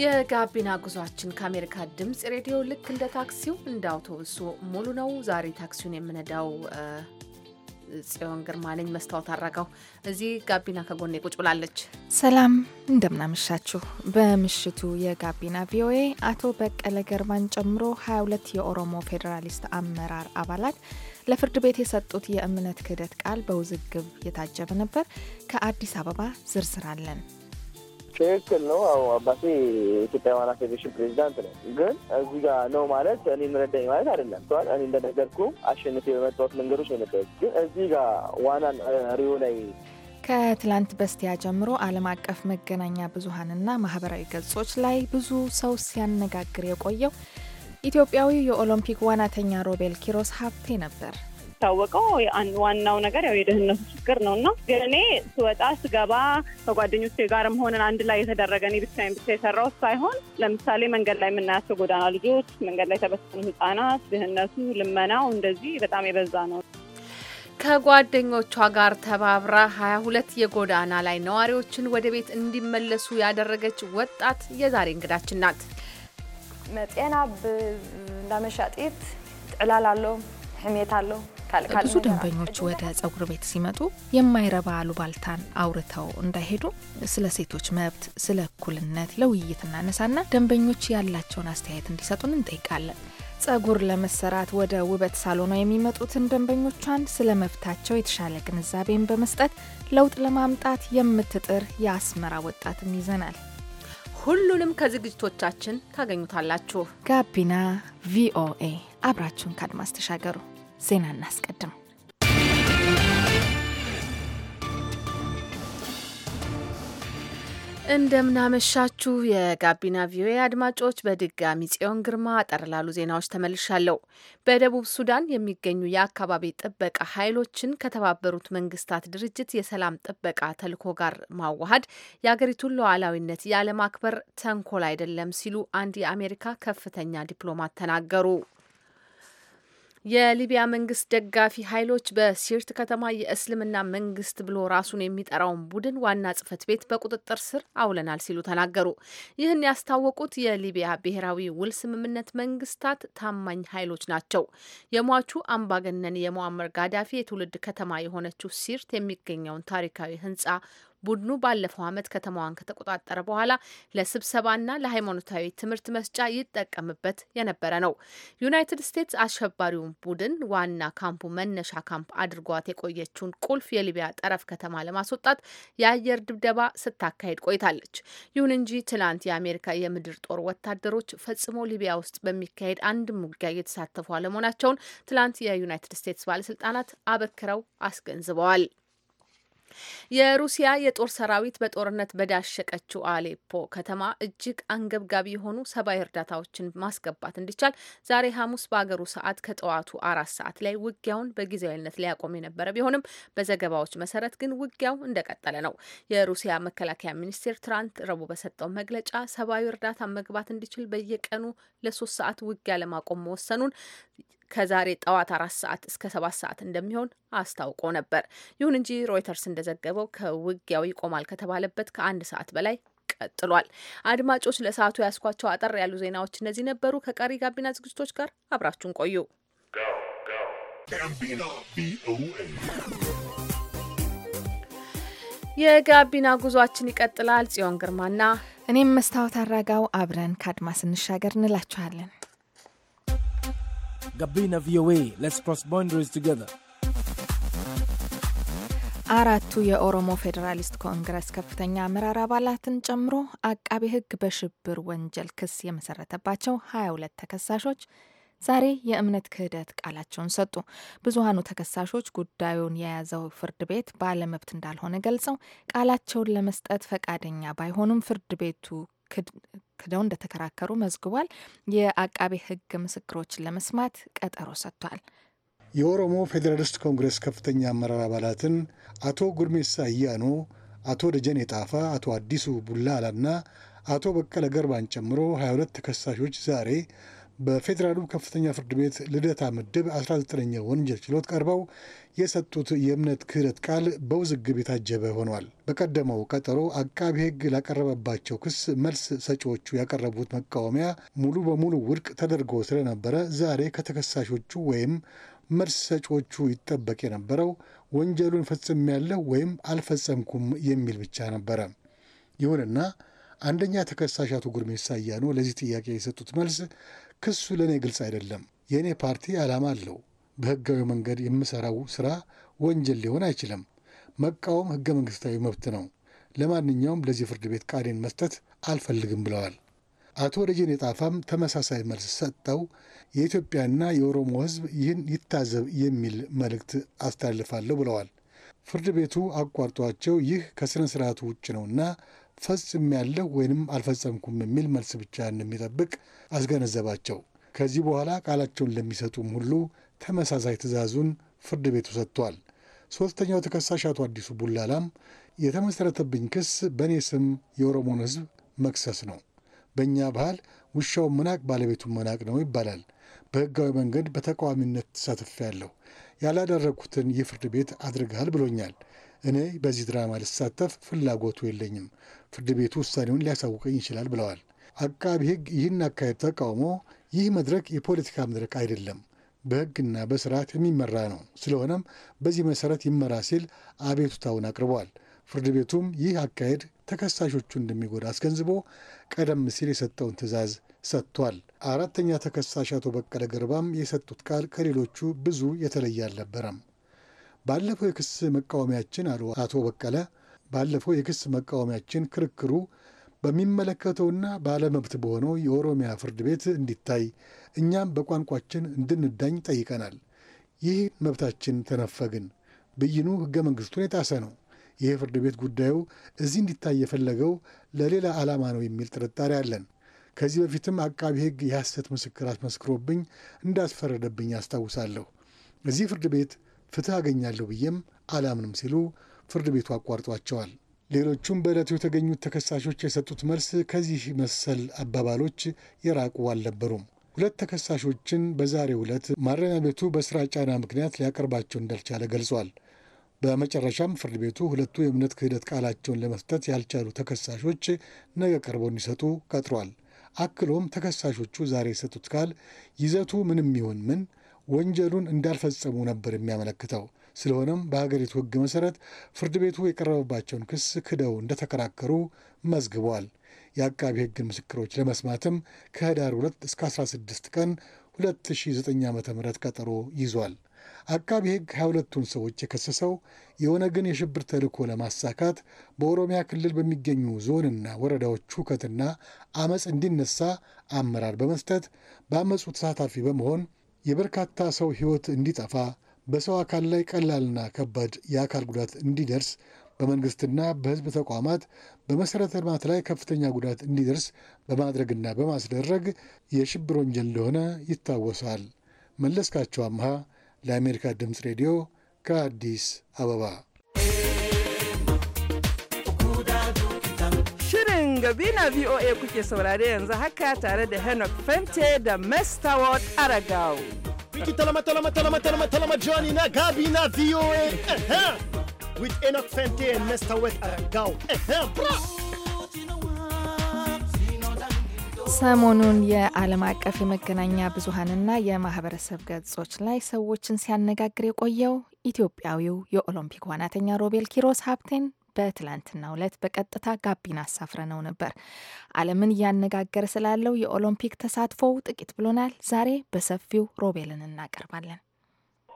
የጋቢና ጉዟችን ከአሜሪካ ድምፅ ሬዲዮ ልክ እንደ ታክሲው እንደ አውቶቡሱ ሙሉ ነው። ዛሬ ታክሲውን የምነዳው ጽዮን ግርማ ነኝ። መስታወት አረጋው እዚህ ጋቢና ከጎኔ ቁጭ ብላለች። ሰላም እንደምናመሻችሁ። በምሽቱ የጋቢና ቪኦኤ አቶ በቀለ ገርማን ጨምሮ 22 የኦሮሞ ፌዴራሊስት አመራር አባላት ለፍርድ ቤት የሰጡት የእምነት ክህደት ቃል በውዝግብ የታጀበ ነበር። ከአዲስ አበባ ዝርዝር አለን። ትክክል ነው። አዎ አባቴ የኢትዮጵያ ዋና ፌዴሬሽን ፕሬዚዳንት ነው። ግን እዚህ ጋር ነው ማለት እኔ ምረዳኝ ማለት አይደለም። ተዋል እኔ እንደነገርኩ አሸንፌ በመጣሁት መንገዶች ነው የመጣሁት። ግን እዚህ ጋር ዋናን ሪዮ ላይ ከትላንት በስቲያ ጀምሮ ዓለም አቀፍ መገናኛ ብዙሀንና ማህበራዊ ገጾች ላይ ብዙ ሰው ሲያነጋግር የቆየው ኢትዮጵያዊ የኦሎምፒክ ዋናተኛ ሮቤል ኪሮስ ሀብቴ ነበር። አንድ ዋናው ነገር ያው የደህንነቱ ችግር ነው እና ግን እኔ ስወጣ ስገባ ከጓደኞቼ ጋርም ሆነን አንድ ላይ የተደረገ እኔ ብቻዬን ብቻ የሰራው ሳይሆን ለምሳሌ መንገድ ላይ የምናያቸው ጎዳና ልጆች፣ መንገድ ላይ የተበሰኑ ህጻናት፣ ድህነቱ፣ ልመናው እንደዚህ በጣም የበዛ ነው። ከጓደኞቿ ጋር ተባብራ 22 የጎዳና ላይ ነዋሪዎችን ወደ ቤት እንዲመለሱ ያደረገች ወጣት የዛሬ እንግዳችን ናት። መጤና እንዳመሻጢት ጥዕላል አለው ሕሜት አለው ብዙ ደንበኞች ወደ ጸጉር ቤት ሲመጡ የማይረባ አሉባልታን አውርተው እንዳይሄዱ ስለ ሴቶች መብት፣ ስለ እኩልነት ለውይይት እናነሳና ደንበኞች ያላቸውን አስተያየት እንዲሰጡን እንጠይቃለን። ጸጉር ለመሰራት ወደ ውበት ሳሎኗ የሚመጡትን ደንበኞቿን ስለ መብታቸው የተሻለ ግንዛቤን በመስጠት ለውጥ ለማምጣት የምትጥር የአስመራ ወጣትም ይዘናል። ሁሉንም ከዝግጅቶቻችን ታገኙታላችሁ። ጋቢና ቪኦኤ አብራችሁን ከአድማስ ተሻገሩ። ዜና እናስቀድም። እንደምናመሻችሁ የጋቢና ቪኦኤ አድማጮች፣ በድጋሚ ጽዮን ግርማ። አጠር ላሉ ዜናዎች ተመልሻለሁ። በደቡብ ሱዳን የሚገኙ የአካባቢ ጥበቃ ኃይሎችን ከተባበሩት መንግስታት ድርጅት የሰላም ጥበቃ ተልዕኮ ጋር ማዋሃድ የአገሪቱን ሉዓላዊነት ያለማክበር ተንኮል አይደለም ሲሉ አንድ የአሜሪካ ከፍተኛ ዲፕሎማት ተናገሩ። የሊቢያ መንግስት ደጋፊ ኃይሎች በሲርት ከተማ የእስልምና መንግስት ብሎ ራሱን የሚጠራውን ቡድን ዋና ጽህፈት ቤት በቁጥጥር ስር አውለናል ሲሉ ተናገሩ። ይህን ያስታወቁት የሊቢያ ብሔራዊ ውል ስምምነት መንግስታት ታማኝ ኃይሎች ናቸው። የሟቹ አምባገነን የሞአመር ጋዳፊ የትውልድ ከተማ የሆነችው ሲርት የሚገኘውን ታሪካዊ ህንጻ ቡድኑ ባለፈው ዓመት ከተማዋን ከተቆጣጠረ በኋላ ለስብሰባና ለሃይማኖታዊ ትምህርት መስጫ ይጠቀምበት የነበረ ነው። ዩናይትድ ስቴትስ አሸባሪውን ቡድን ዋና ካምፑ መነሻ ካምፕ አድርጓት የቆየችውን ቁልፍ የሊቢያ ጠረፍ ከተማ ለማስወጣት የአየር ድብደባ ስታካሄድ ቆይታለች። ይሁን እንጂ ትላንት የአሜሪካ የምድር ጦር ወታደሮች ፈጽሞ ሊቢያ ውስጥ በሚካሄድ አንድም ውጊያ እየተሳተፉ አለመሆናቸውን ትላንት የዩናይትድ ስቴትስ ባለስልጣናት አበክረው አስገንዝበዋል። የሩሲያ የጦር ሰራዊት በጦርነት በዳሸቀችው አሌፖ ከተማ እጅግ አንገብጋቢ የሆኑ ሰብአዊ እርዳታዎችን ማስገባት እንዲቻል ዛሬ ሐሙስ በአገሩ ሰዓት ከጠዋቱ አራት ሰዓት ላይ ውጊያውን በጊዜያዊነት ሊያቆም የነበረ ቢሆንም በዘገባዎች መሰረት ግን ውጊያው እንደቀጠለ ነው። የሩሲያ መከላከያ ሚኒስቴር ትናንት ረቡዕ በሰጠው መግለጫ ሰብአዊ እርዳታ መግባት እንዲችል በየቀኑ ለሶስት ሰዓት ውጊያ ለማቆም መወሰኑን ከዛሬ ጠዋት አራት ሰዓት እስከ ሰባት ሰዓት እንደሚሆን አስታውቆ ነበር። ይሁን እንጂ ሮይተርስ እንደዘገበው ከውጊያው ይቆማል ከተባለበት ከአንድ ሰዓት በላይ ቀጥሏል። አድማጮች፣ ለሰዓቱ ያስኳቸው አጠር ያሉ ዜናዎች እነዚህ ነበሩ። ከቀሪ ጋቢና ዝግጅቶች ጋር አብራችሁን ቆዩ። የጋቢና ጉዟችን ይቀጥላል። ጽዮን ግርማና እኔም መስታወት አራጋው አብረን ከአድማስ እንሻገር እንላችኋለን። ጋቢና ቪኦኤ ሌትስ ክሮስ ቦንደሪስ ቱጌዘር። አራቱ የኦሮሞ ፌዴራሊስት ኮንግረስ ከፍተኛ አመራር አባላትን ጨምሮ አቃቤ ሕግ በሽብር ወንጀል ክስ የመሰረተባቸው 22 ተከሳሾች ዛሬ የእምነት ክህደት ቃላቸውን ሰጡ። ብዙሀኑ ተከሳሾች ጉዳዩን የያዘው ፍርድ ቤት ባለመብት እንዳልሆነ ገልጸው ቃላቸውን ለመስጠት ፈቃደኛ ባይሆኑም ፍርድ ቤቱ አክለው እንደተከራከሩ መዝግቧል። የአቃቤ ሕግ ምስክሮችን ለመስማት ቀጠሮ ሰጥቷል። የኦሮሞ ፌዴራሊስት ኮንግረስ ከፍተኛ አመራር አባላትን አቶ ጉርሜሳ አያኖ፣ አቶ ደጀኔ ጣፋ፣ አቶ አዲሱ ቡላላና አቶ በቀለ ገርባን ጨምሮ 22 ተከሳሾች ዛሬ በፌዴራሉ ከፍተኛ ፍርድ ቤት ልደታ ምድብ 19ኛ ወንጀል ችሎት ቀርበው የሰጡት የእምነት ክህደት ቃል በውዝግብ የታጀበ ሆኗል። በቀደመው ቀጠሮ አቃቢ ሕግ ላቀረበባቸው ክስ መልስ ሰጪዎቹ ያቀረቡት መቃወሚያ ሙሉ በሙሉ ውድቅ ተደርጎ ስለነበረ ዛሬ ከተከሳሾቹ ወይም መልስ ሰጪዎቹ ይጠበቅ የነበረው ወንጀሉን ፈጽሜያለሁ ወይም አልፈጸምኩም የሚል ብቻ ነበረ። ይሁንና አንደኛ ተከሳሽ አቶ ጉርሜሳ አያኖ ለዚህ ጥያቄ የሰጡት መልስ ክሱ ለእኔ ግልጽ አይደለም፣ የእኔ ፓርቲ ዓላማ አለው በህጋዊ መንገድ የምሰራው ስራ ወንጀል ሊሆን አይችልም። መቃወም ህገ መንግስታዊ መብት ነው። ለማንኛውም ለዚህ ፍርድ ቤት ቃሌን መስጠት አልፈልግም ብለዋል። አቶ ደጀኔ ጣፋም ተመሳሳይ መልስ ሰጥተው የኢትዮጵያና የኦሮሞ ህዝብ ይህን ይታዘብ የሚል መልእክት አስተላልፋለሁ ብለዋል። ፍርድ ቤቱ አቋርጧቸው ይህ ከሥነ ሥርዓቱ ውጭ ነውና ፈጽሜያለሁ ወይንም አልፈጸምኩም የሚል መልስ ብቻ እንደሚጠብቅ አስገነዘባቸው። ከዚህ በኋላ ቃላቸውን ለሚሰጡም ሁሉ ተመሳሳይ ትዕዛዙን ፍርድ ቤቱ ሰጥቷል። ሶስተኛው ተከሳሽ አቶ አዲሱ ቡላላም የተመሰረተብኝ ክስ በእኔ ስም የኦሮሞን ሕዝብ መክሰስ ነው። በእኛ ባህል ውሻውን መናቅ ባለቤቱን መናቅ ነው ይባላል። በሕጋዊ መንገድ በተቃዋሚነት ያለሁ ያላደረግኩትን ይህ ፍርድ ቤት አድርገሃል ብሎኛል። እኔ በዚህ ድራማ ልሳተፍ ፍላጎቱ የለኝም። ፍርድ ቤቱ ውሳኔውን ሊያሳውቀኝ ይችላል ብለዋል። አቃቢ ሕግ ይህን አካሄድ ተቃውሞ ይህ መድረክ የፖለቲካ መድረክ አይደለም በህግና በስርዓት የሚመራ ነው። ስለሆነም በዚህ መሰረት ይመራ ሲል አቤቱታውን አቅርቧል። ፍርድ ቤቱም ይህ አካሄድ ተከሳሾቹ እንደሚጎዳ አስገንዝቦ ቀደም ሲል የሰጠውን ትዕዛዝ ሰጥቷል። አራተኛ ተከሳሽ አቶ በቀለ ገርባም የሰጡት ቃል ከሌሎቹ ብዙ የተለየ አልነበረም። ባለፈው የክስ መቃወሚያችን አሉ አቶ በቀለ ባለፈው የክስ መቃወሚያችን ክርክሩ በሚመለከተውና ባለመብት በሆነው የኦሮሚያ ፍርድ ቤት እንዲታይ እኛም በቋንቋችን እንድንዳኝ ጠይቀናል። ይህ መብታችን ተነፈግን። ብይኑ ህገ መንግስቱን የጣሰ ነው። ይህ ፍርድ ቤት ጉዳዩ እዚህ እንዲታይ የፈለገው ለሌላ ዓላማ ነው የሚል ጥርጣሬ አለን። ከዚህ በፊትም አቃቢ ህግ የሐሰት ምስክር አስመስክሮብኝ እንዳስፈረደብኝ አስታውሳለሁ። እዚህ ፍርድ ቤት ፍትህ አገኛለሁ ብዬም አላምንም ሲሉ ፍርድ ቤቱ አቋርጧቸዋል። ሌሎቹም በዕለቱ የተገኙት ተከሳሾች የሰጡት መልስ ከዚህ መሰል አባባሎች የራቁ አልነበሩም። ሁለት ተከሳሾችን በዛሬው ዕለት ማረሚያ ቤቱ በስራ ጫና ምክንያት ሊያቀርባቸው እንዳልቻለ ገልጿል። በመጨረሻም ፍርድ ቤቱ ሁለቱ የእምነት ክህደት ቃላቸውን ለመስጠት ያልቻሉ ተከሳሾች ነገ ቀርበው እንዲሰጡ ቀጥሯል። አክሎም ተከሳሾቹ ዛሬ የሰጡት ቃል ይዘቱ ምንም ይሁን ምን ወንጀሉን እንዳልፈጸሙ ነበር የሚያመለክተው። ስለሆነም በሀገሪቱ ሕግ መሠረት ፍርድ ቤቱ የቀረበባቸውን ክስ ክደው እንደተከራከሩ መዝግቧል። የአቃቢ ሕግን ምስክሮች ለመስማትም ከህዳር 2 እስከ 16 ቀን 2009 ዓ ም ቀጠሮ ይዟል። አቃቢ ሕግ 22ቱን ሰዎች የከሰሰው የኦነግን የሽብር ተልዕኮ ለማሳካት በኦሮሚያ ክልል በሚገኙ ዞንና ወረዳዎች ሁከትና አመፅ እንዲነሳ አመራር በመስጠት በአመፁ ተሳታፊ በመሆን የበርካታ ሰው ሕይወት እንዲጠፋ በሰው አካል ላይ ቀላልና ከባድ የአካል ጉዳት እንዲደርስ በመንግስትና በህዝብ ተቋማት በመሠረተ ልማት ላይ ከፍተኛ ጉዳት እንዲደርስ በማድረግና በማስደረግ የሽብር ወንጀል እንደሆነ ይታወሳል። መለስካቸው አምሃ ለአሜሪካ ድምፅ ሬዲዮ ከአዲስ አበባ። Shirin Gabina VOA kuke saurare yanzu haka tare da Henok Fente da Mestaward Aragao. Biki talama talama talama talama talama Johnny na Gabina VOA. with Enoch Fenty and Mr. Wet Arangao. ሰሞኑን የዓለም አቀፍ የመገናኛ ብዙሀንና የማህበረሰብ ገጾች ላይ ሰዎችን ሲያነጋግር የቆየው ኢትዮጵያዊው የኦሎምፒክ ዋናተኛ ሮቤል ኪሮስ ሀብቴን በትላንትናው ዕለት በቀጥታ ጋቢና ነው ነበር። ዓለምን እያነጋገረ ስላለው የኦሎምፒክ ተሳትፎው ጥቂት ብሎናል። ዛሬ በሰፊው ሮቤልን እናቀርባለን።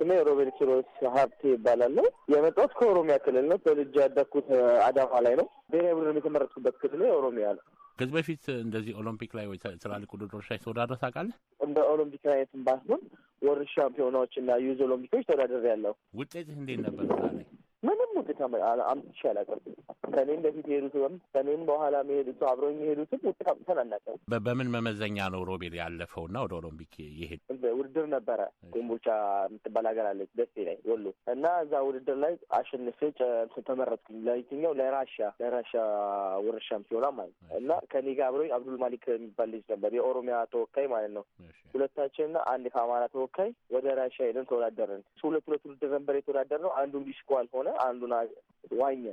ስሜ ሮቤል ኪሮስ ሀብቴ ይባላለሁ። የመጣሁት ከኦሮሚያ ክልል ነው። በልጅ ያደግኩት አዳማ ላይ ነው። ብሔራዊ ቡድን የተመረጥኩበት ክልል ኦሮሚያ ነው። ከዚህ በፊት እንደዚህ ኦሎምፒክ ላይ ወይ ትላልቅ ውድድሮች ላይ ተወዳድረህ ታውቃለህ? እንደ ኦሎምፒክ አይነት ባይሆን ወርልድ ሻምፒዮናዎች እና ዩዝ ኦሎምፒኮች ተወዳድሬያለሁ። ውጤትህ እንዴት ነበር? ምንም ውጤት አምጥቼ አላውቅም። ከኔም በፊት የሄዱትም ከኔም በኋላ የሄዱት አብረኝ የሄዱትም ውጤት አምጥተን አናውቅም። በምን መመዘኛ ነው ሮቤል ያለፈውና ወደ ኦሎምፒክ ይሄድ ውድድር ነበረ። ኮምቦልቻ የምትባል ሀገር አለች ደሴ ላይ ወሎ እና እዛ ውድድር ላይ አሸንፌ ተመረጥኩኝ። ለየትኛው ለራሻ ለራሻ ወርልድ ሻምፒዮና ማለት ነው። እና ከኔ ጋር አብረኝ አብዱል ማሊክ የሚባል ልጅ ነበር፣ የኦሮሚያ ተወካይ ማለት ነው። ሁለታችንና አንድ ከአማራ ተወካይ ወደ ራሻ ሄደን ተወዳደርን። ሁለት ሁለት ውድድር ነበር የተወዳደር ነው። አንዱ ዲስኳል ሆነ አንዱን ዋኘ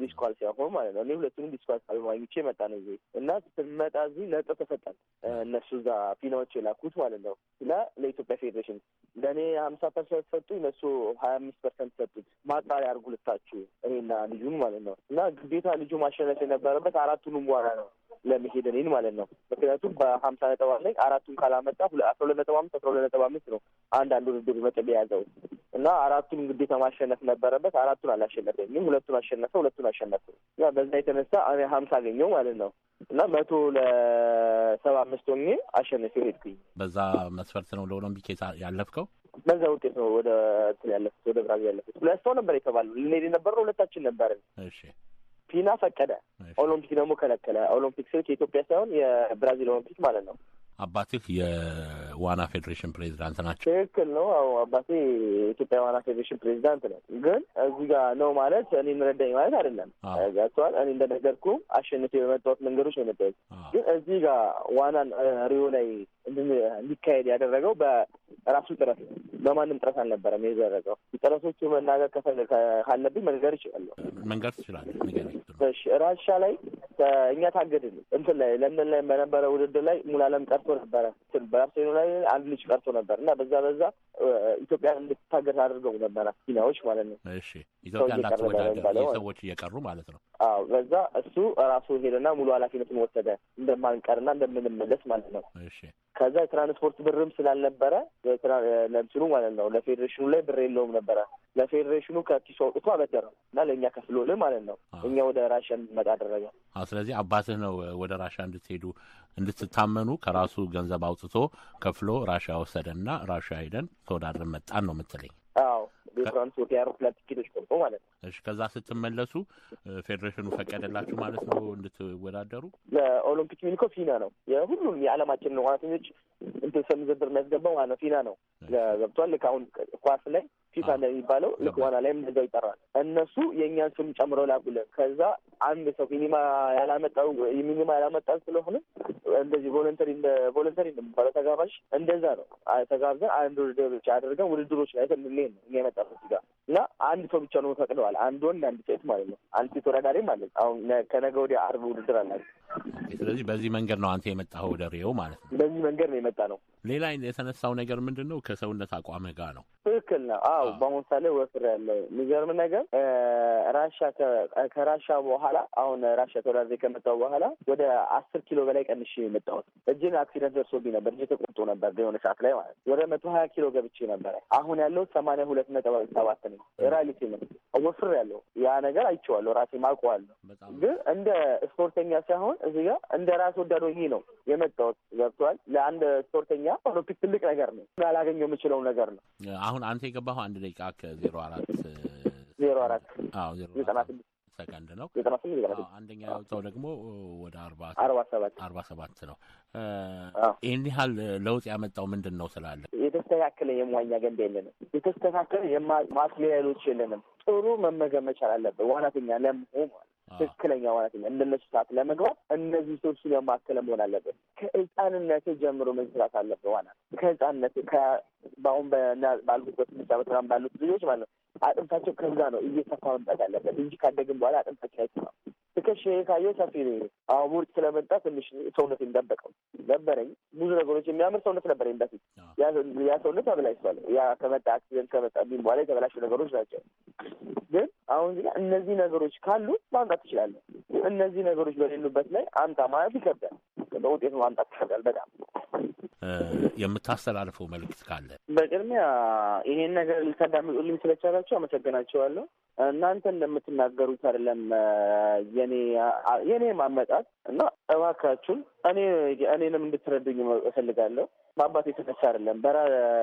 ዲስኳል ሲያሆን ማለት ነው። እኔ ሁለቱንም ዲስኳል ዋኝቼ መጣ ነው ይዜ እና ስመጣ እዚህ ነጥብ ተሰጣል። እነሱ እዛ ፊናዎች የላኩት ማለት ነው እና ለኢትዮጵያ ፌዴሬሽን ለእኔ ሀምሳ ፐርሰንት ሰጡ፣ እነሱ ሀያ አምስት ፐርሰንት ሰጡት። ማጣሪያ አርጉ ልታችሁ እኔና ልጁን ማለት ነው እና ግዴታ ልጁ ማሸነፍ የነበረበት አራቱንም በኋላ ነው ለመሄድ እኔን ማለት ነው። ምክንያቱም በሀምሳ ነጥብ አለኝ አራቱን ካላመጣ አስራ ሁለት ነጥብ አምስት አስራ ሁለት ነጥብ አምስት ነው አንድ ውድድር መጥብ የያዘው እና አራቱን ግዴታ ማሸነፍ ነበረበት። አራቱን አላሸነፈኝም። ሁለቱን አሸነፈ፣ ሁለቱን አሸነፈ እና በዛ የተነሳ እኔ ሀምሳ አገኘው ማለት ነው እና መቶ ለሰባ አምስት ሆኜ አሸነፊው ሄድኩኝ። በዛ መስፈርት ነው ለኦሎምፒክ ያለፍከው? በዛ ውጤት ነው ወደ ያለፉት ወደ ብራዚል ያለፉት። ሁለት ሰው ነበር የተባለው ልንሄድ የነበረው ሁለታችን ነበርን። እሺ ፊና ፈቀደ፣ ኦሎምፒክ ደግሞ ከለከለ። ኦሎምፒክ ስልክ የኢትዮጵያ ሳይሆን የብራዚል ኦሎምፒክ ማለት ነው። አባትህ ዋና ፌዴሬሽን ፕሬዚዳንት ናቸው። ትክክል ነው። አዎ አባቴ የኢትዮጵያ ዋና ፌዴሬሽን ፕሬዚዳንት ነው። ግን እዚህ ጋር ነው ማለት እኔ ረዳኝ ማለት አይደለም። ገብቶሃል። እኔ እንደነገርኩ አሸንፌ በመጣሁት መንገዶች ነው የመጣሁት። ግን እዚህ ጋር ዋናን ሪዮ ላይ እንዲካሄድ ያደረገው በራሱ ጥረት ነው። በማንም ጥረት አልነበረም የዘረገው። ጥረቶቹ መናገር ካለብኝ መንገር ይችላለሁ፣ መንገር ትችላለህ። ራሻ ላይ እኛ ታገድን እንትን ላይ ለምን ላይ በነበረ ውድድር ላይ ሙሉዓለም ቀርቶ ነበረ በራሴኖ ላይ አንድ ልጅ ቀርቶ ነበር እና በዛ በዛ ኢትዮጵያን እንድትታገር አድርገው ነበረ ኪናዎች ማለት ነው። እሺ ኢትዮጵያ ሰዎች እየቀሩ ማለት ነው። አዎ በዛ እሱ ራሱ ሄደና ሙሉ ኃላፊነቱን ወሰደ እንደማንቀርና እንደምንመለስ ማለት ነው። እሺ ከዛ የትራንስፖርት ብርም ስላልነበረ ለምትኑ ማለት ነው ለፌዴሬሽኑ ላይ ብር የለውም ነበረ። ለፌዴሬሽኑ ከኪሱ አውጥቶ አበደረው እና ለእኛ ከፍሎልን ማለት ነው እኛ ወደ ራሻ እንድንመጣ አደረገ። ስለዚህ አባትህ ነው ወደ ራሻ እንድትሄዱ እንድትታመኑ ከራሱ ገንዘብ አውጥቶ ከፍሎ ራሻ ወሰደና ራሻ ሄደን ተወዳድረን መጣን ነው የምትለኝ? አዎ ዲፍረንስ ወደ ያሩ ሁለት ቆርጦ ማለት ነው። እሺ ከዛ ስትመለሱ ፌዴሬሽኑ ፈቀደላችሁ ማለት ነው እንድትወዳደሩ። ኦሎምፒክ ሚኒኮ ፊና ነው የሁሉም የዓለማችን ዋናተኞች እንትን ስም ዝርዝር የሚያስገባው ዋና ፊና ነው ገብቷል። ልክ አሁን ኳስ ላይ ፊፋ አለ የሚባለው ልክ ዋና ላይም እንደዛው ይጠራል። እነሱ የእኛን ስም ጨምረው ላኩልን። ከዛ አንድ ሰው ሚኒማ ያላመጣው ሚኒማ ያላመጣል ስለሆነ እንደዚህ ቮለንተሪ ቮለንተሪ እንደሚባለው ተጋባዥ እንደዛ ነው። ተጋብዘን አንድ ውድድሮች አድርገን ውድድሮች ላይ እንሄድ ነው እኛ የመጣበት ጋር እና አንድ ሰው ብቻ ነው ፈቅደዋል። አንድ ወንድ አንድ ሴት ማለት ነው። አንድ ሴት ወረዳሪ ማለት አሁን ከነገ ወዲያ አርብ ውድድር አላቸው። ስለዚህ በዚህ መንገድ ነው አንተ የመጣኸው ወደ ሪዮ ማለት ነው። በዚህ መንገድ ነው የመጣ ነው። ሌላ የተነሳው ነገር ምንድን ነው? ከሰውነት አቋም ጋር ነው። ትክክል ነው። አዎ አዎ በአሁኑ ሳለ ወፍር ያለው የሚገርም ነገር ራሻ ከራሻ በኋላ አሁን ራሻ ተወዳድሬ ከመጣው በኋላ ወደ አስር ኪሎ በላይ ቀንሽ የመጣሁት እጅን አክሲደንት ደርሶብኝ ነበር። እጅ ተቆርጦ ነበር የሆነ ሰዓት ላይ ማለት ወደ መቶ ሀያ ኪሎ ገብቼ ነበረ። አሁን ያለው ሰማንያ ሁለት ነጥብ ሰባት ነው። ራሊቲ ነው ወፍር ያለው ያ ነገር አይቼዋለሁ፣ ራሴ አውቀዋለሁ። ግን እንደ ስፖርተኛ ሳይሆን እዚህ ጋር እንደ ራስ ወዳድ ነው የመጣሁት። ገብቷል። ለአንድ ስፖርተኛ ኦሎምፒክ ትልቅ ነገር ነው። ላላገኘው የምችለው ነገር ነው። አሁን አንተ የገባኸው አንድ ደቂቃ ከዜሮ አራት ዜሮ አራት አዎ ዜሮ ስድስት ሰከንድ ነው። አንደኛ ያወጣው ደግሞ ወደ አርባ አርባ ሰባት አርባ ሰባት ነው። ይህን ያህል ለውጥ ያመጣው ምንድን ነው ስላለ የተስተካከለ የመዋኛ ገንዳ የለንም። የተስተካከለ የማስሌያሎች የለንም። ጥሩ መመገብ መቻል አለበት ዋናተኛ ለመሆን ትክክለኛ ማለት ነው። እንደነሱ ሰዓት ለመግባት እነዚህ ሰዎች ስለማከለ መሆን አለብን። ከህፃንነት ጀምሮ መስራት አለብን። ዋና ከህፃንነት በአሁን ባልኩት በስምንት ዓመት ምናምን ባሉት ልጆች ማለት ነው አጥንታቸው ከዛ ነው እየሰፋ መምጣት አለበት እንጂ ካደግን በኋላ አጥንታቸው አይሰፋም። ልከሽ ይሄ ሰፊ ነው። አሁን ስለመጣ ትንሽ ሰውነት እንዳበቀው ነበረኝ። ብዙ ነገሮች የሚያምር ሰውነት ነበረኝ በፊት። ያ ሰውነት ተበላሽቷል። ያ ከመጣ አክሲደንት ከመጣ ቢም በኋላ የተበላሹ ነገሮች ናቸው። ግን አሁን እነዚህ ነገሮች ካሉ ማምጣት ትችላለህ። እነዚህ ነገሮች በሌሉበት ላይ አምጣ ማለት ይከብዳል። በውጤቱ ማምጣት ይከብዳል በጣም የምታስተላልፈው መልእክት ካለ? በቅድሚያ ይሄን ነገር ልታዳምጡልኝ ስለቻላችሁ አመሰግናቸዋለሁ። እናንተ እንደምትናገሩት አይደለም የኔ የኔ ማመጣት እና እባካችሁን እኔ እኔንም እንድትረዱኝ እፈልጋለሁ። በአባት የተነሳ አይደለም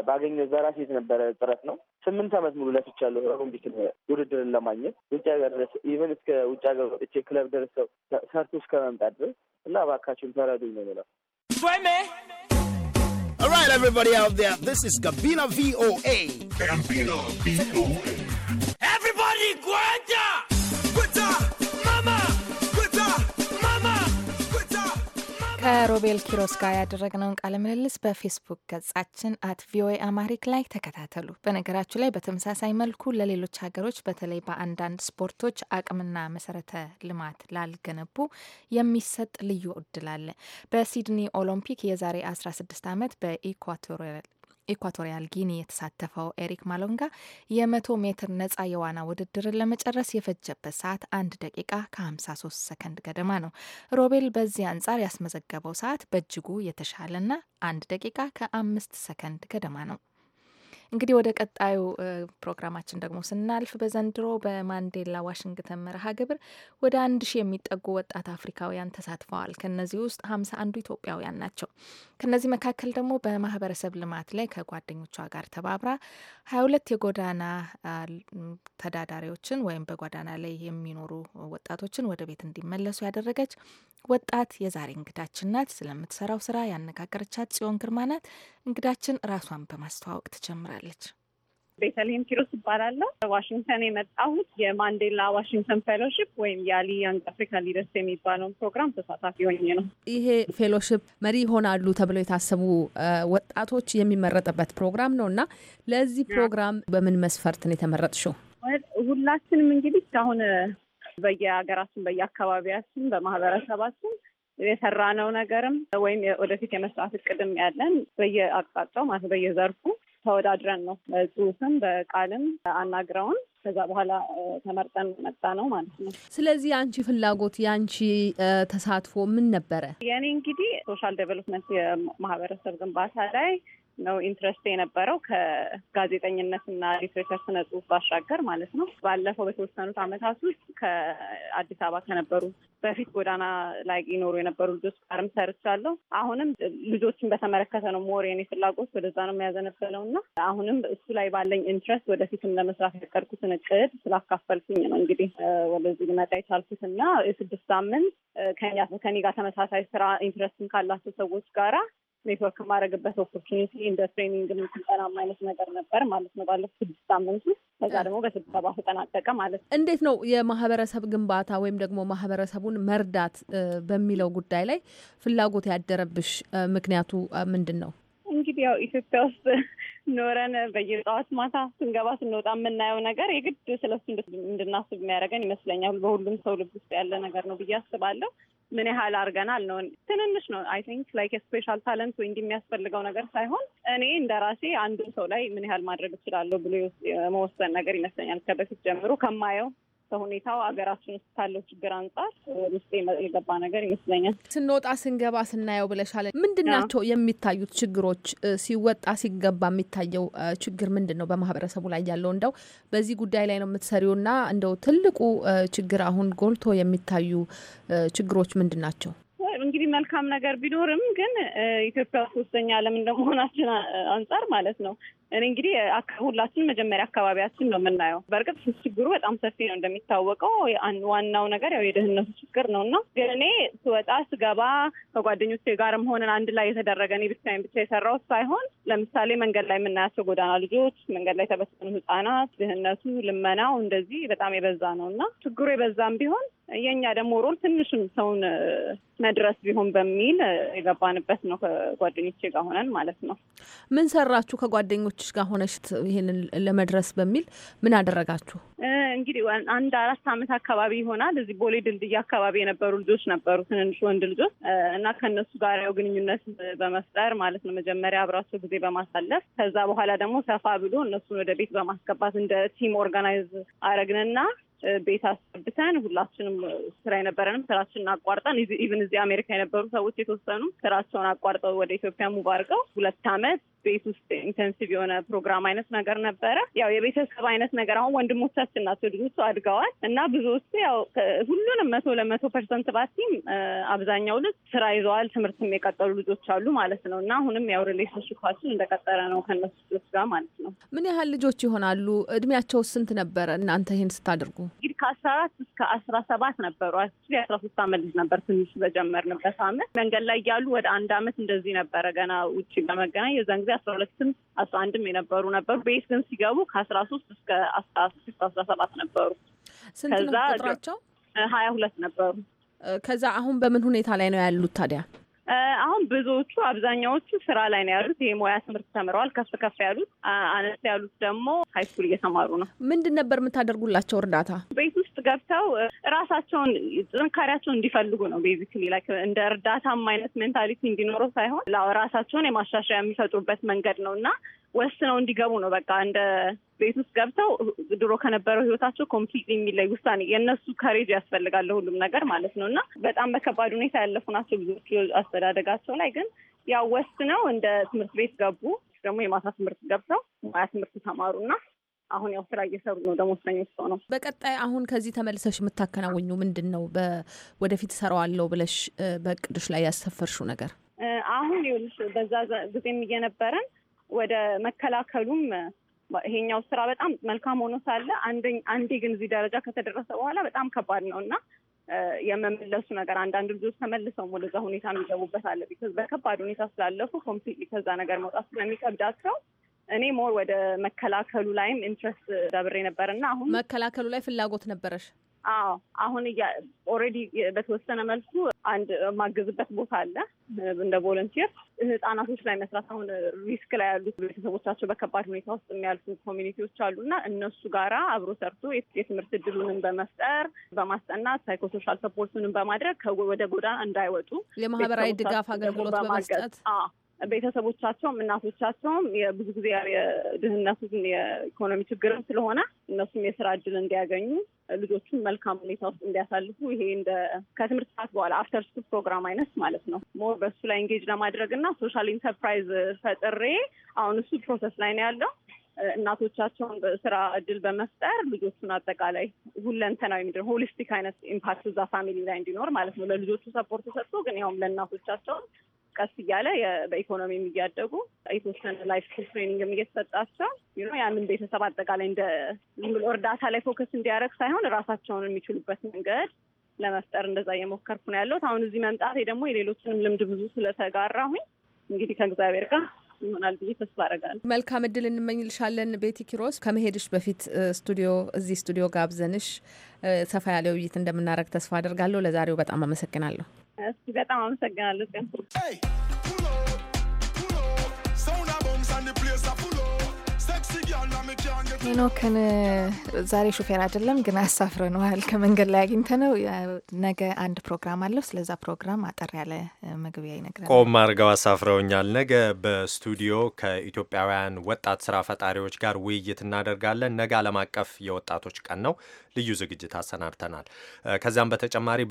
ባገኘው በራሴ የተነበረ ጥረት ነው። ስምንት ዓመት ሙሉ ለፍቻለሁ ኦሎምፒክን ውድድርን ለማግኘት ውጭ ሀገር ድረስ ኢቨን እስከ ውጭ ሀገር ወጥቼ ክለብ ደርሰው ሰርቶ እስከ መምጣት ድረስ እና እባካችሁን ተረዱኝ ነው የሚለው All right, everybody out there, this is Gabina VOA. Gabina VOA. Everybody, go! ከሮቤል ኪሮስ ጋር ያደረግነውን ቃለ ምልልስ በፌስቡክ ገጻችን አት ቪኦኤ አማሪክ ላይ ተከታተሉ። በነገራችሁ ላይ በተመሳሳይ መልኩ ለሌሎች ሀገሮች በተለይ በአንዳንድ ስፖርቶች አቅምና መሰረተ ልማት ላልገነቡ የሚሰጥ ልዩ እድል አለ። በሲድኒ ኦሎምፒክ የዛሬ 16 ዓመት በኢኳቶሪያል ኢኳቶሪያል ጊኒ የተሳተፈው ኤሪክ ማሎንጋ የመቶ ሜትር ነጻ የዋና ውድድርን ለመጨረስ የፈጀበት ሰዓት አንድ ደቂቃ ከ53 ሰከንድ ገደማ ነው። ሮቤል በዚህ አንጻር ያስመዘገበው ሰዓት በእጅጉ የተሻለና አንድ ደቂቃ ከአምስት ሰከንድ ገደማ ነው። እንግዲህ ወደ ቀጣዩ ፕሮግራማችን ደግሞ ስናልፍ በዘንድሮ በማንዴላ ዋሽንግተን መርሃ ግብር ወደ አንድ ሺህ የሚጠጉ ወጣት አፍሪካውያን ተሳትፈዋል። ከነዚህ ውስጥ ሀምሳ አንዱ ኢትዮጵያውያን ናቸው። ከነዚህ መካከል ደግሞ በማህበረሰብ ልማት ላይ ከጓደኞቿ ጋር ተባብራ ሀያ ሁለት የጎዳና ተዳዳሪዎችን ወይም በጎዳና ላይ የሚኖሩ ወጣቶችን ወደ ቤት እንዲመለሱ ያደረገች ወጣት የዛሬ እንግዳችን ናት። ስለምትሰራው ስራ ያነጋገረቻት ጽዮን ግርማ ናት። እንግዳችን ራሷን በማስተዋወቅ ትጀምራል። ትናገራለች። ቤተልሔም ኪሮስ ይባላለሁ። ዋሽንግተን የመጣሁት የማንዴላ ዋሽንግተን ፌሎሺፕ ወይም ያሊ ያንግ አፍሪካ ሊደርስ የሚባለውን ፕሮግራም ተሳታፊ ሆኜ ነው። ይሄ ፌሎሺፕ መሪ ይሆናሉ ተብለው የታሰቡ ወጣቶች የሚመረጥበት ፕሮግራም ነው እና ለዚህ ፕሮግራም በምን መስፈርት ነው የተመረጥሽው? ሁላችንም እንግዲህ እስካሁን በየሀገራችን በየአካባቢያችን በማህበረሰባችን የሰራነው ነገርም ወይም ወደፊት የመስራት እቅድም ያለን በየአቅጣጫው ማለት በየዘርፉ ተወዳድረን ነው በጽሁፍም በቃልም አናግረውን ከዛ በኋላ ተመርጠን መጣ ነው ማለት ነው። ስለዚህ የአንቺ ፍላጎት የአንቺ ተሳትፎ ምን ነበረ? የኔ እንግዲህ ሶሻል ዴቨሎፕመንት የማህበረሰብ ግንባታ ላይ ነው ኢንትረስት የነበረው ከጋዜጠኝነትና ሊትሬቸር ስነ ጽሁፍ ባሻገር ማለት ነው። ባለፈው በተወሰኑት አመታት ውስጥ ከአዲስ አበባ ከነበሩ በፊት ጎዳና ላይ ይኖሩ የነበሩ ልጆች ጋርም ሰርቻለሁ። አሁንም ልጆችን በተመለከተ ነው ሞር የኔ ፍላጎት ወደዛ ነው የሚያዘነበለው እና አሁንም እሱ ላይ ባለኝ ኢንትረስት ወደፊትም ለመስራት ያቀድኩትን እቅድ ስላካፈልኩኝ ነው እንግዲህ ወደዚህ ልመጣ የቻልኩት እና የስድስት ሳምንት ከኔ ጋር ተመሳሳይ ስራ ኢንትረስትን ካላቸው ሰዎች ጋራ ኔትወርክ የማደርግበት ኦፖርቹኒቲ እንደ ትሬኒንግ ስልጠናም አይነት ነገር ነበር ማለት ነው ባለፉት ስድስት ሳምንቱ። ከዛ ደግሞ በስብሰባ ተጠናቀቀ ማለት ነው። እንዴት ነው የማህበረሰብ ግንባታ ወይም ደግሞ ማህበረሰቡን መርዳት በሚለው ጉዳይ ላይ ፍላጎት ያደረብሽ ምክንያቱ ምንድን ነው? እንግዲህ ያው ኢትዮጵያ ውስጥ ኖረን በየጠዋት ማታ ስንገባ ስንወጣ የምናየው ነገር የግድ ስለሱ እንድናስብ የሚያደርገን ይመስለኛል። በሁሉም ሰው ልብ ውስጥ ያለ ነገር ነው ብዬ አስባለሁ። ምን ያህል አድርገናል ነው። ትንንሽ ነው አይ ቲንክ ላይክ ስፔሻል ታለንት ወይ የሚያስፈልገው ነገር ሳይሆን እኔ እንደ ራሴ አንዱ ሰው ላይ ምን ያህል ማድረግ እችላለሁ ብሎ መወሰን ነገር ይመስለኛል። ከበፊት ጀምሮ ከማየው ከሁኔታው ሀገራችን ውስጥ ካለው ችግር አንጻር ውስጥ የገባ ነገር ይመስለኛል። ስንወጣ ስንገባ ስናየው ብለሻል። ምንድን ናቸው የሚታዩት ችግሮች? ሲወጣ ሲገባ የሚታየው ችግር ምንድን ነው? በማህበረሰቡ ላይ ያለው እንደው በዚህ ጉዳይ ላይ ነው የምትሰሪው እና እንደው ትልቁ ችግር አሁን ጎልቶ የሚታዩ ችግሮች ምንድን ናቸው? እንግዲህ መልካም ነገር ቢኖርም ግን ኢትዮጵያ ሶስተኛ ዓለም እንደመሆናችን አንጻር ማለት ነው። እኔ እንግዲህ ሁላችን መጀመሪያ አካባቢያችን ነው የምናየው። በእርግጥ ችግሩ በጣም ሰፊ ነው እንደሚታወቀው፣ ዋናው ነገር ያው የደህንነቱ ችግር ነው እና ግን እኔ ስወጣ ስገባ ከጓደኞቼ ጋርም ሆነን አንድ ላይ የተደረገ እኔ ብቻዬን ብቻ የሰራው ሳይሆን ለምሳሌ መንገድ ላይ የምናያቸው ጎዳና ልጆች፣ መንገድ ላይ የተበሰኑ ህጻናት፣ ድህነቱ፣ ልመናው እንደዚህ በጣም የበዛ ነው እና ችግሩ የበዛም ቢሆን የእኛ ደግሞ ሮል ትንሽም ሰውን መድረስ ቢሆን በሚል የገባንበት ነው። ከጓደኞች ጋር ሆነን ማለት ነው። ምን ሰራችሁ? ከጓደኞች ጋር ሆነሽ ይህንን ለመድረስ በሚል ምን አደረጋችሁ? እንግዲህ አንድ አራት ዓመት አካባቢ ይሆናል። እዚህ ቦሌ ድልድይ አካባቢ የነበሩ ልጆች ነበሩ፣ ትንንሽ ወንድ ልጆች እና ከእነሱ ጋር ያው ግንኙነት በመፍጠር ማለት ነው። መጀመሪያ አብራቸው ጊዜ በማሳለፍ ከዛ በኋላ ደግሞ ሰፋ ብሎ እነሱን ወደ ቤት በማስገባት እንደ ቲም ኦርጋናይዝ አረግንና ቤት አስገብተን ሁላችንም ስራ የነበረንም ስራችንን አቋርጠን ኢቭን እዚህ አሜሪካ የነበሩ ሰዎች የተወሰኑ ስራቸውን አቋርጠው ወደ ኢትዮጵያ ሙባርቀው ሁለት አመት ቤት ውስጥ ኢንተንሲቭ የሆነ ፕሮግራም አይነት ነገር ነበረ። ያው የቤተሰብ አይነት ነገር አሁን ወንድሞቻችን ናቸው ልጆቹ አድገዋል እና ብዙዎቹ ያው ሁሉንም መቶ ለመቶ ፐርሰንት ባቲም አብዛኛው ልጅ ስራ ይዘዋል። ትምህርትም የቀጠሉ ልጆች አሉ ማለት ነው እና አሁንም ያው ሪሌሽንሽፓችን እንደቀጠረ ነው ከነሱ ልጆች ጋር ማለት ነው። ምን ያህል ልጆች ይሆናሉ? እድሜያቸው ስንት ነበረ እናንተ ይህን ስታደርጉ? እንግዲህ ከአስራ አራት እስከ አስራ ሰባት ነበሩ። የአስራ ሶስት አመት ልጅ ነበር ትንሽ በጀመርንበት አመት መንገድ ላይ ያሉ ወደ አንድ አመት እንደዚህ ነበረ ገና ውጭ ለመገናኝ የዛን ጊዜ ስለዚህ አስራ ሁለትም አስራ አንድም የነበሩ ነበሩ። ቤት ግን ሲገቡ ከአስራ ሶስት እስከ አስራ ስድስት አስራ ሰባት ነበሩ። ስንት ሀያ ሁለት ነበሩ። ከዛ አሁን በምን ሁኔታ ላይ ነው ያሉት ታዲያ? አሁን ብዙዎቹ አብዛኛዎቹ ስራ ላይ ነው ያሉት። የሙያ ትምህርት ተምረዋል ከፍ ከፍ ያሉት። አነስ ያሉት ደግሞ ሀይስኩል እየተማሩ ነው። ምንድን ነበር የምታደርጉላቸው እርዳታ? ቤት ውስጥ ገብተው ራሳቸውን ጥንካሬያቸውን እንዲፈልጉ ነው። ቤዚክሊ ላይክ እንደ እርዳታም አይነት ሜንታሊቲ እንዲኖረው ሳይሆን ራሳቸውን የማሻሻያ የሚፈጥሩበት መንገድ ነው እና ወስነው እንዲገቡ ነው። በቃ እንደ ቤት ውስጥ ገብተው ድሮ ከነበረው ህይወታቸው ኮምፕሊት የሚለይ ውሳኔ የእነሱ ከሬጅ ያስፈልጋለ ሁሉም ነገር ማለት ነው እና በጣም በከባድ ሁኔታ ያለፉ ናቸው ብዙዎች አስተዳደጋቸው ላይ ግን ያው ወስነው እንደ ትምህርት ቤት ገቡ ደግሞ የማታ ትምህርት ገብተው ማያ ትምህርት ተማሩ እና አሁን ያው ስራ እየሰሩ ነው ደግሞ ስረኞች ሰው ነው። በቀጣይ አሁን ከዚህ ተመልሰሽ የምታከናወኙ ምንድን ነው? ወደፊት እሰራዋለሁ ብለሽ በእቅድሽ ላይ ያሰፈርሽው ነገር? አሁን ይኸውልሽ በዛ ጊዜም እየነበረን ወደ መከላከሉም ይሄኛው ስራ በጣም መልካም ሆኖ ሳለ አንዴ ግን እዚህ ደረጃ ከተደረሰ በኋላ በጣም ከባድ ነው እና የመመለሱ ነገር አንዳንድ ልጆች ተመልሰው ወደዛ ሁኔታ የሚገቡበት አለ። በከባድ ሁኔታ ስላለፉ ኮምፕሊት ከዛ ነገር መውጣት ስለሚከብዳቸው እኔ ሞር ወደ መከላከሉ ላይም ኢንትረስት ዳብሬ ነበር እና አሁን መከላከሉ ላይ ፍላጎት ነበረሽ? አዎ አሁን ኦልሬዲ በተወሰነ መልኩ አንድ ማገዝበት ቦታ አለ እንደ ቮለንቲር ህጻናቶች ላይ መስራት። አሁን ሪስክ ላይ ያሉት ቤተሰቦቻቸው በከባድ ሁኔታ ውስጥ የሚያልፉ ኮሚኒቲዎች አሉ እና እነሱ ጋራ አብሮ ሰርቶ የትምህርት እድሉንም በመፍጠር በማስጠናት ሳይኮሶሻል ሰፖርቱንም በማድረግ ወደ ጎዳና እንዳይወጡ የማህበራዊ ድጋፍ አገልግሎት በመስጠት ቤተሰቦቻቸውም እናቶቻቸውም ብዙ ጊዜ የድህነቱን የኢኮኖሚ ችግርም ስለሆነ እነሱም የስራ እድል እንዲያገኙ ልጆቹም መልካም ሁኔታ ውስጥ እንዲያሳልፉ ይሄ እንደ ከትምህርት ሰዓት በኋላ አፍተር ስኩል ፕሮግራም አይነት ማለት ነው። ሞር በሱ ላይ ኢንጌጅ ለማድረግ እና ሶሻል ኢንተርፕራይዝ ፈጥሬ አሁን እሱ ፕሮሰስ ላይ ነው ያለው። እናቶቻቸውን በስራ እድል በመፍጠር ልጆቹን አጠቃላይ ሁለንተናዊ ምንድነው ሆሊስቲክ አይነት ኢምፓክት እዛ ፋሚሊ ላይ እንዲኖር ማለት ነው። ለልጆቹ ሰፖርት ሰጥቶ ግን ያውም ለእናቶቻቸውን ቀስ እያለ በኢኮኖሚም እያደጉ የተወሰነ ላይፍ ስኪል ትሬኒንግ እየተሰጣቸው ያንን ቤተሰብ አጠቃላይ እንደ ዝም ብሎ እርዳታ ላይ ፎከስ እንዲያደረግ ሳይሆን ራሳቸውን የሚችሉበት መንገድ ለመፍጠር እንደዛ እየሞከርኩ ነው ያለሁት። አሁን እዚህ መምጣቴ ደግሞ የሌሎችንም ልምድ ብዙ ስለተጋራሁኝ እንግዲህ ከእግዚአብሔር ጋር ይሆናል ብዬ ተስፋ መልካም እድል እንመኝልሻለን ቤቲ ኪሮስ። ከመሄድሽ በፊት ስቱዲዮ እዚህ ስቱዲዮ ጋብዘንሽ ሰፋ ያለ ውይይት እንደምናደርግ ተስፋ አደርጋለሁ። ለዛሬው በጣም አመሰግናለሁ። እስኪ በጣም አመሰግናለሁ። ሄኖክን ዛሬ ሹፌር አይደለም ግን አሳፍረነዋል። ከመንገድ ላይ አግኝተ ነው። ነገ አንድ ፕሮግራም አለው። ስለዛ ፕሮግራም አጠር ያለ መግቢያ ይነግራል። ቆም አድርገው አሳፍረውኛል። ነገ በስቱዲዮ ከኢትዮጵያውያን ወጣት ስራ ፈጣሪዎች ጋር ውይይት እናደርጋለን። ነገ ዓለም አቀፍ የወጣቶች ቀን ነው። ልዩ ዝግጅት አሰናድተናል። ከዚያም በተጨማሪ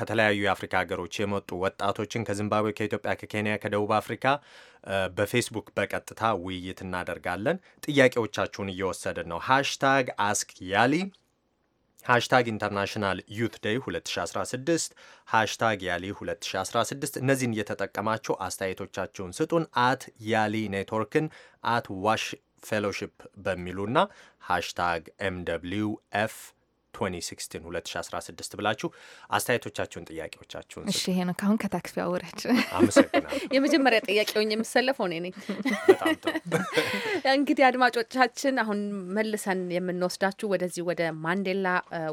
ከተለያዩ የአፍሪካ ሀገሮች የመጡ ወጣቶችን ከዚምባብዌ፣ ከኢትዮጵያ፣ ከኬንያ፣ ከደቡብ አፍሪካ በፌስቡክ በቀጥታ ውይይት እናደርጋለን። ጥያቄዎቻችሁን እየወሰድን ነው። ሃሽታግ አስክ ያሊ፣ ሃሽታግ ኢንተርናሽናል ዩት ዴይ 2016፣ ሃሽታግ ያሊ 2016። እነዚህን እየተጠቀማችሁ አስተያየቶቻችሁን ስጡን። አት ያሊ ኔትወርክን አት ዋሽ ፌሎሺፕ በሚሉና ሃሽታግ ኤምደብሊው ኤፍ 2016 2016 ብላችሁ አስተያየቶቻችሁን፣ ጥያቄዎቻችሁን። እሺ ይሄ ነው ካሁን ከታክሲ አውረድ። አመሰግናለሁ። የመጀመሪያ ጥያቄውን የምሰለፈው እኔ ነኝ። እንግዲህ አድማጮቻችን፣ አሁን መልሰን የምንወስዳችሁ ወደዚህ ወደ ማንዴላ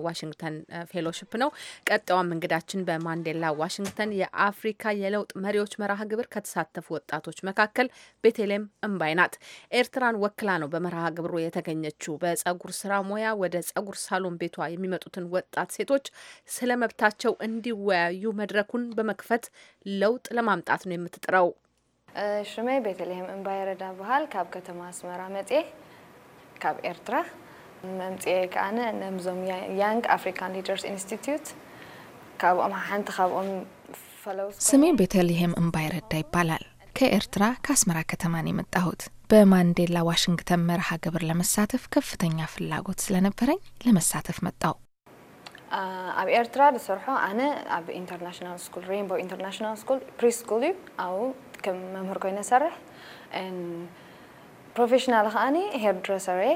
ዋሽንግተን ፌሎሽፕ ነው። ቀጣዋም እንግዳችን በማንዴላ ዋሽንግተን የአፍሪካ የለውጥ መሪዎች መርሃ ግብር ከተሳተፉ ወጣቶች መካከል ቤቴሌም እምባይ ናት። ኤርትራን ወክላ ነው በመርሃ ግብሩ የተገኘችው። በጸጉር ስራ ሙያ ወደ ጸጉር ሳሎን ቤቷ የሚመጡትን ወጣት ሴቶች ስለ መብታቸው እንዲወያዩ መድረኩን በመክፈት ለውጥ ለማምጣት ነው የምትጥረው። ሽሜ ቤተልሔም እምባይረዳ ባህል ካብ ከተማ አስመራ መጽ ካብ ኤርትራ መምፅኤ ከዓነ ነምዞም ያንግ አፍሪካን ሊደርስ ኢንስቲትዩት ካብኦም ሓንቲ ካብኦም ፈለው ስሜ ቤተልሔም እምባይረዳ ይባላል። ከኤርትራ ከአስመራ ከተማ ነው የመጣሁት። በማንዴላ ዋሽንግተን መርሃ ግብር ለመሳተፍ ከፍተኛ ፍላጎት ስለነበረኝ ለመሳተፍ መጣው። ኣብ ኤርትራ ዝሰርሖ ኣነ ኣብ ኢንተርናሽናል ስኩል ሬንቦ ኢንተርናሽናል ስኩል ፕሪስኩል እዩ ኣብኡ ከም መምህር ኮይነ ሰርሕ ፕሮፌሽናል ከዓኒ ሄርድረሰር እየ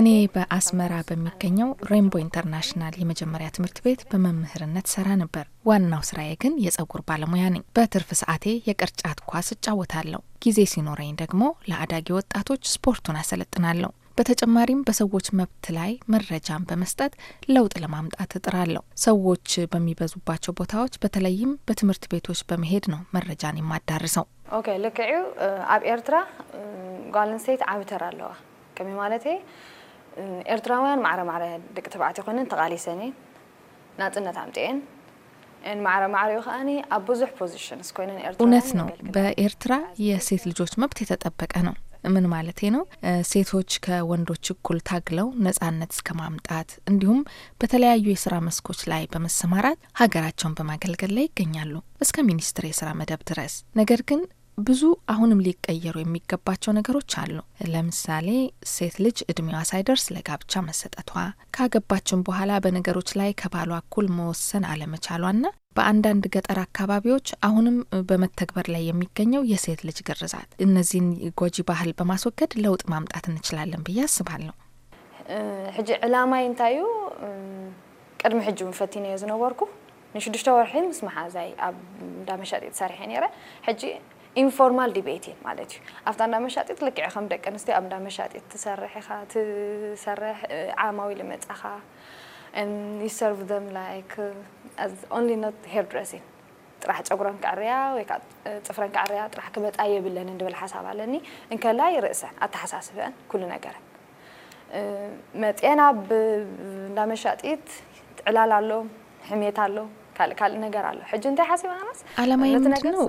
እኔ በአስመራ በሚገኘው ሬንቦ ኢንተርናሽናል የመጀመሪያ ትምህርት ቤት በመምህርነት ሰራ ነበር። ዋናው ስራዬ ግን የጸጉር ባለሙያ ነኝ። በትርፍ ሰዓቴ የቅርጫት ኳስ እጫወታለሁ። ጊዜ ሲኖረኝ ደግሞ ለአዳጊ ወጣቶች ስፖርቱን አሰለጥናለሁ። በተጨማሪም በሰዎች መብት ላይ መረጃን በመስጠት ለውጥ ለማምጣት እጥራለሁ። ሰዎች በሚበዙባቸው ቦታዎች በተለይም በትምህርት ቤቶች በመሄድ ነው መረጃን የማዳርሰው። ኦኬ ልክዕዩ ኣብ ኤርትራ ጓል ኣንስተይቲ ዓብ ተራ ኣለዋ ከመይ ማለት ኤርትራውያን ማዕረ ማዕረ ደቂ ተባዕትዮ ኮይነን ተቃሊሰን እየን ናፅነት ኣምፅአን እውነት ነው። በኤርትራ የሴት ልጆች መብት የተጠበቀ ነው። ምን ማለቴ ነው? ሴቶች ከወንዶች እኩል ታግለው ነጻነት እስከ ማምጣት እንዲሁም በተለያዩ የስራ መስኮች ላይ በመሰማራት ሀገራቸውን በማገልገል ላይ ይገኛሉ እስከ ሚኒስትር የስራ መደብ ድረስ። ነገር ግን ብዙ አሁንም ሊቀየሩ የሚገባቸው ነገሮች አሉ። ለምሳሌ ሴት ልጅ እድሜዋ ሳይደርስ ለጋብቻ መሰጠቷ፣ ካገባችን በኋላ በነገሮች ላይ ከባሏ እኩል መወሰን አለመቻሏና በአንዳንድ ገጠር አካባቢዎች አሁንም በመተግበር ላይ የሚገኘው የሴት ልጅ ግርዛት። እነዚህን ጎጂ ባህል በማስወገድ ለውጥ ማምጣት እንችላለን ብዬ አስባለሁ። ሕጂ ዕላማይ እንታይ ቅድሚ ሕጂ እውን ፈቲነዮ ዝነበርኩ ንሽዱሽተ ወርሒ ምስ መሓዛይ ኣብ እንዳመሸጢ ተሰሪሐ ነረ ሕጂ informal debate ማለት እዩ ኣብታ እንዳ መሻጢት ልክዕ ከም ደቂ ኣንስትዮ ኣብ እንዳ መሻጢት ትሰርሕ ኢኻ ትሰርሕ ዓማዊ ልመፃኻ and you serve them like uh, as only not hairdressing ጥራሕ ፀጉረን ክዕርያ ወይ ከዓ ፅፍረን ክዕርያ ጥራሕ ክበጣ የብለን እንድብል ሓሳብ ኣለኒ እንከላይ ርእሰን ኣተሓሳስበአን ኩሉ ነገረን መፅና ብእንዳ መሻጢት ዕላል ኣሎ ሕሜት ኣሎ ካልእ ነገር አለ ሕጂ እንታይ ሓሲብ ኣናስ ዓላማዊ ነው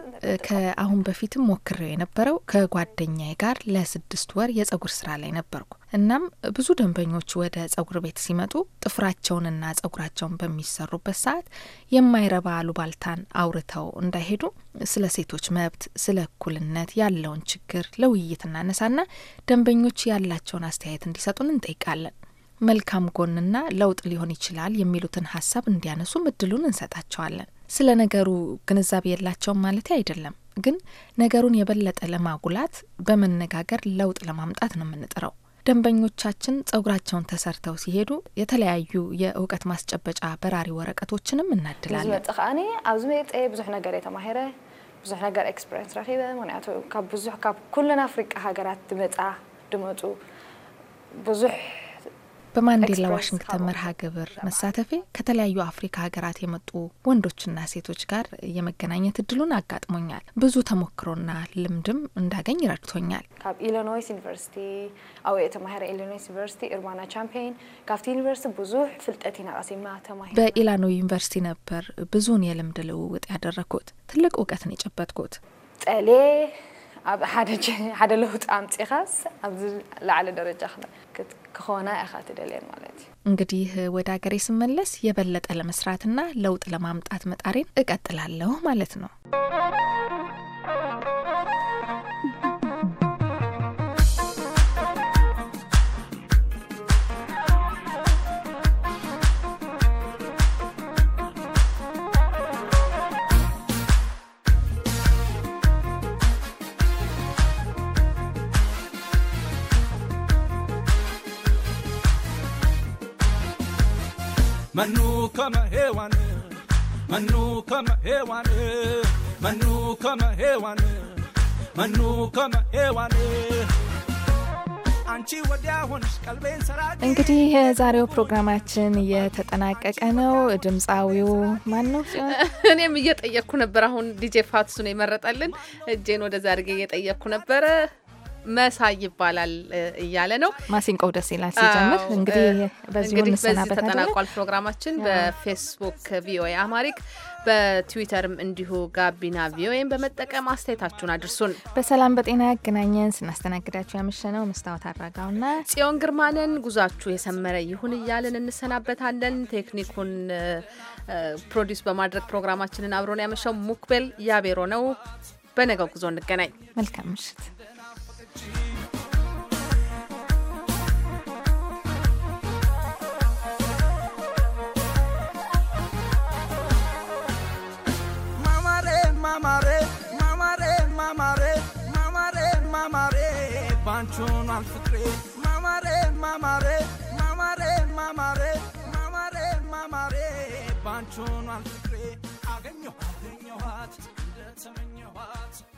ከአሁን በፊትም ሞክሬው የነበረው ከጓደኛዬ ጋር ለስድስት ወር የጸጉር ስራ ላይ ነበርኩ። እናም ብዙ ደንበኞች ወደ ጸጉር ቤት ሲመጡ ጥፍራቸውንና ጸጉራቸውን በሚሰሩበት ሰዓት የማይረባ አሉባልታን አውርተው እንዳይሄዱ ስለ ሴቶች መብት፣ ስለ እኩልነት ያለውን ችግር ለውይይት እናነሳና ደንበኞች ያላቸውን አስተያየት እንዲሰጡን እንጠይቃለን። መልካም ጎንና ለውጥ ሊሆን ይችላል የሚሉትን ሀሳብ እንዲያነሱ እድሉን እንሰጣቸዋለን። ስለ ነገሩ ግንዛቤ የላቸውም ማለት አይደለም፣ ግን ነገሩን የበለጠ ለማጉላት በመነጋገር ለውጥ ለማምጣት ነው የምንጥረው። ደንበኞቻችን ጸጉራቸውን ተሰርተው ሲሄዱ የተለያዩ የእውቀት ማስጨበጫ በራሪ ወረቀቶችንም እናድላለን። ዝመፅ ከኣኒ ኣብዚ መፀ ብዙሕ ነገር የተማሂረ ብዙሕ ነገር ኤክስፐሪንስ ረኪበ ምክንያቱ ካብ ብዙሕ ካብ ኩለን ኣፍሪቃ ሃገራት ድመፃ ድመፁ ብዙሕ በማንዴላ ዋሽንግተን መርሃ ግብር መሳተፌ ከተለያዩ አፍሪካ ሀገራት የመጡ ወንዶችና ሴቶች ጋር የመገናኘት እድሉን አጋጥሞኛል። ብዙ ተሞክሮና ልምድም እንዳገኝ ረድቶኛል። ካብ ኢሎኖይስ ዩኒቨርሲቲ ኣብ የተማሃረ ኢሎኖይስ ዩኒቨርሲቲ እርባና ቻምፒየን ካብቲ ዩኒቨርሲቲ ብዙሕ ፍልጠት ኢና ቀሲምና ተማሂ በኢላኖ ዩኒቨርሲቲ ነበር ብዙውን የልምድ ልውውጥ ያደረግኩት። ትልቅ እውቀት ነው የጨበጥኩት ጠሌ ኣብ ሓደ ለውጥ ኣምፂኻስ ኣብዚ ላዕለ ደረጃ ክትከ ከሆነ አካት ማለት እዩ እንግዲህ ወደ ሀገሬ ስመለስ የበለጠ ለመስራትና ለውጥ ለማምጣት መጣሬን እቀጥላለሁ ማለት ነው። Manu kama hewani, manu kama hewani, manu kama hewani, manu kama hewani. እንግዲህ የዛሬው ፕሮግራማችን እየተጠናቀቀ ነው። ድምፃዊው ማን ነው? እኔም እየጠየቅኩ ነበር። አሁን ዲጄ ፋትሱን የመረጠልን እጄን ወደዛ አድርጌ እየጠየቅኩ ነበረ። መሳይ ይባላል እያለ ነው። ማሲንቆው ደስ ይላል ሲጀምር። እንግዲህ በዚህ ተጠናቋል ፕሮግራማችን። በፌስቡክ ቪኦኤ አማሪክ፣ በትዊተርም እንዲሁ ጋቢና ቪኦኤን በመጠቀም አስተያየታችሁን አድርሱን። በሰላም በጤና ያገናኘን። ስናስተናግዳችሁ ያመሸነው መስታወት አድራጋውና ጽዮን ግርማንን ጉዟችሁ የሰመረ ይሁን እያልን እንሰናበታለን። ቴክኒኩን ፕሮዲስ በማድረግ ፕሮግራማችንን አብሮን ያመሸው ሙክቤል ያቤሮ ነው። በነገው ጉዞ እንገናኝ። መልካም ምሽት። ማማሬ ማማሬ ማማሬ ማማሬ ማማሬ ባንቺ ሆኗል ፍቅሬ ማማሬ ማማሬ ማማሬ ማማሬ ማማሬ ማማሬ ባንቺ ሆኗል ፍቅሬ አገኘኋት አገኘኋት እንደተመኘኋት